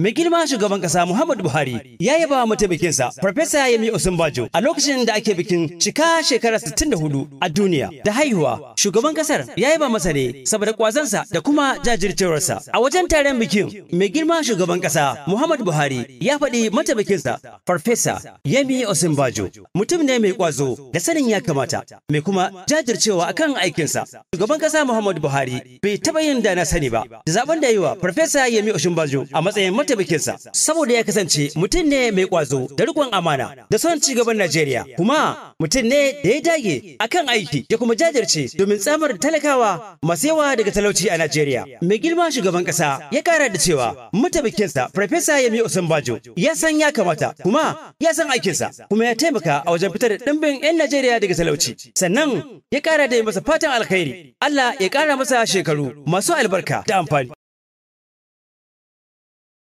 Mai girma shugaban kasa Muhammadu Buhari ya yaba wa mataimakinsa Farfesa Yemi Osinbajo a lokacin da ake bikin cika shekara 64 a duniya da haihuwa. Shugaban kasar ya yaba masa ne saboda kwazansa da kuma jajircewarsa. A wajen taron bikin, mai girma shugaban kasa Muhammadu Buhari ya faɗi mataimakinsa Farfesa Yemi Osinbajo mutum ne mai kwazo da sanin ya kamata, mai kuma jajircewa akan aikinsa. Shugaban kasa Muhammadu Buhari bai taɓa yin da na sani ba da zaben da yi wa Farfesa Yemi Osinbajo a matsayin mataimakinsa saboda ya kasance mutum ne mai kwazo da riƙon amana da son ci gaban Najeriya kuma mutum ne da ya dage akan aiki ya kuma jajirce domin tsamar talakawa masu yawa daga talauci a Najeriya. Mai girma shugaban ƙasa ya ƙara da cewa mataimakinsa Farfesa Yemi Osinbajo ya san ya kamata kuma ya san aikinsa kuma ya taimaka a wajen fitar da ɗimbin 'yan Najeriya daga talauci. Sannan ya ƙara da masa fatan alkhairi. Allah ya ƙara masa shekaru masu albarka da amfani.